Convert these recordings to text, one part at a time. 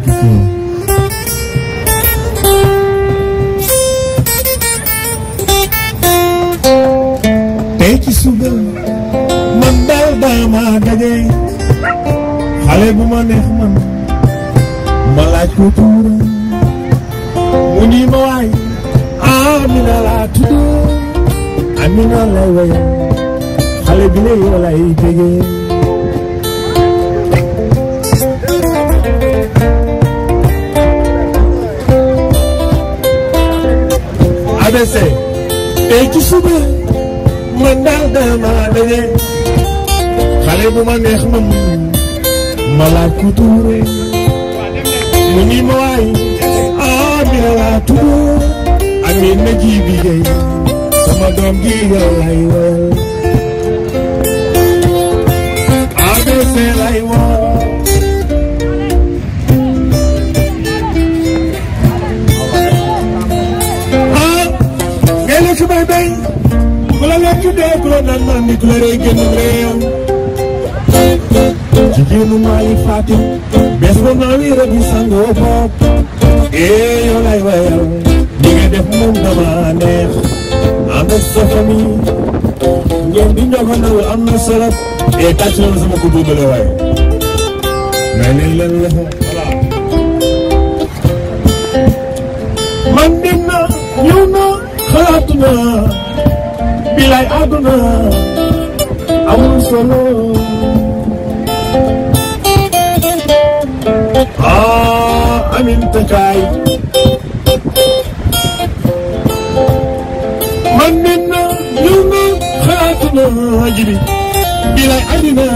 beautiful. Take sugar, mandal dama dage, haleb manehman, malaj kutura, muni mawai, amina la tudu, amina la way, halebile yola idege. dese tey ci suba man daal dama daje xale bu ma neex man ma laaj ko mu ni ma waay Amina laa tudd Amina ji bi sama doom gi yow lay woyal am nit la rey génn réew jigéenu Maali Fatim bés bu naawi rëbbi sangoo bopp ee eh, yow lay wayal li nga def moom dama neex ànd ak sa famille ngeen di njogandoo am na solo ee eh, tàcc na sama ko duubale waaye may leen leen loxo man dem na ñëw na xalaatu na bilay àdduna I'm so low. Ah, I'm in the Man Manina, you know, Fatima, Hajiri, Bila Adina,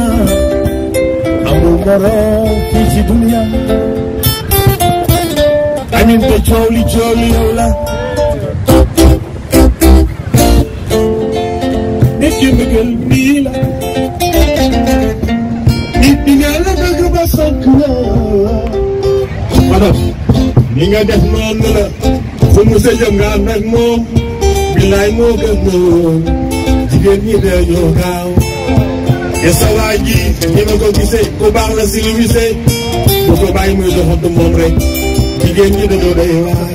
Amungara, Fiji Dunya. I'm in the jolly, jolly, قلبي لك الدنيا لك بصك لا ni nga def noonu la sa musa jëm nga am nag moom billaay moo gën noonu jigéen ñi dañoo gaaw te sa waa ji ñi ma ko gisee ku baax la si lu gisee bu ko bàyyi muy doxantu moom rek jigéen ñi dañoo day waay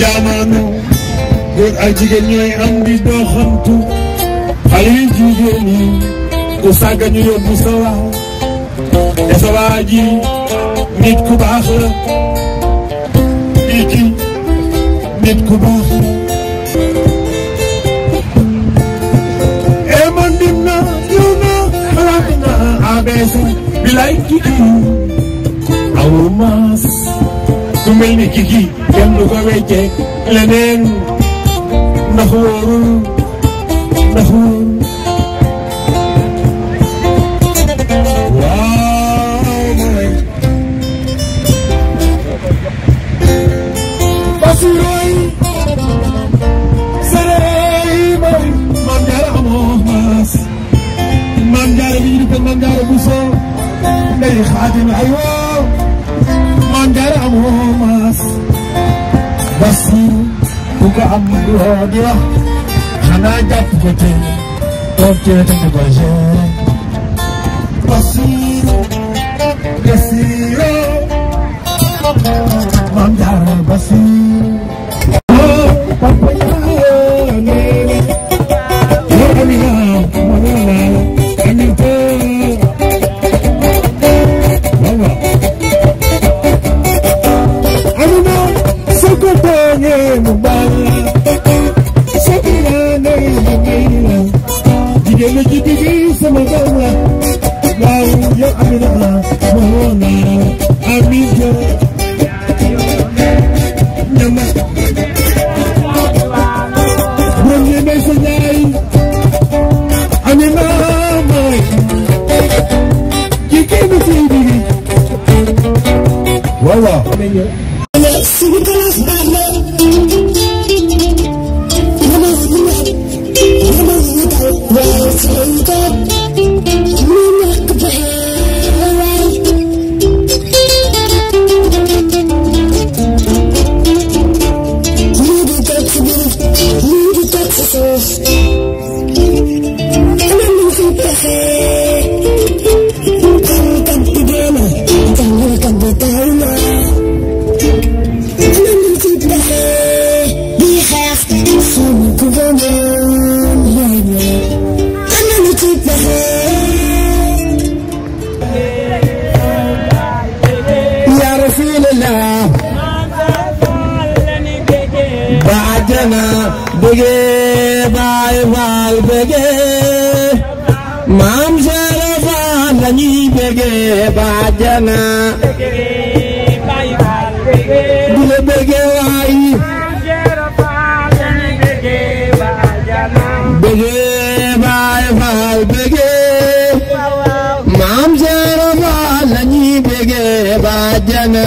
jaamaanu góor ak jigéen ñooy am di doxantu xale yu jigéen ñi ku sàgga ñu yóbbu sa waaw te sa waa ji nit ku baax la Iki nit ku baax la ee man dim na ñëw na xalaat na ABS bilay Kiki awul maas ku mel ni Kiki kenn du ko wecceek leneen ndax wóorul نهون بصيري سري مري منجر أموماس منجر بيرك منجر بوسو لي خادم أيوه منجر أموماس بصير بك عمرو هاديه najja kukote okyete mugoze osiru Iowa. Wow, yo amina blas, wahona, amija. Nyama. Brenye mesa nyai. Amina mai. Kiki misi bibi. Wawa. Amina. Thank you. बुगे बाय बाल बगे माम सारे बाल नहीं बेगे बाजना बुगे बेगे वाई बेगे बाय बाल बेगे माम सारे बेगे बाजना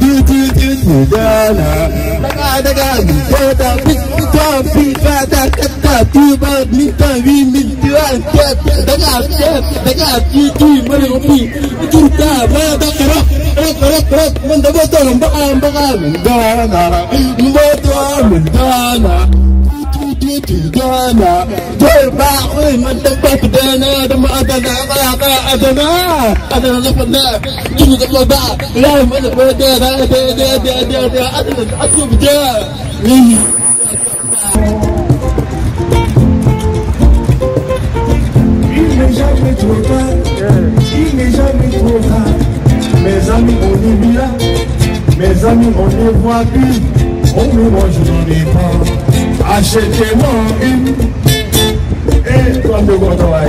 Bluetooth in the dollar. Daga daga big top big fata kata tuba minta wi minta tap daga tap daga titi mare opi turta ma dakara rak rak rak manda boto mbaka mbaka mendana mboto mendana بيتي جانا تربع من تبقى بدانا دم أدنا غاقا أدنا أدنا لفنا جنة الله لا من بدانا أدنا أدنا أدنا أدنا أدنا أدنا Mes amis, on est bien, mes amis, on ne voit plus, on ne mange dans les pas. Achetez-moi une Et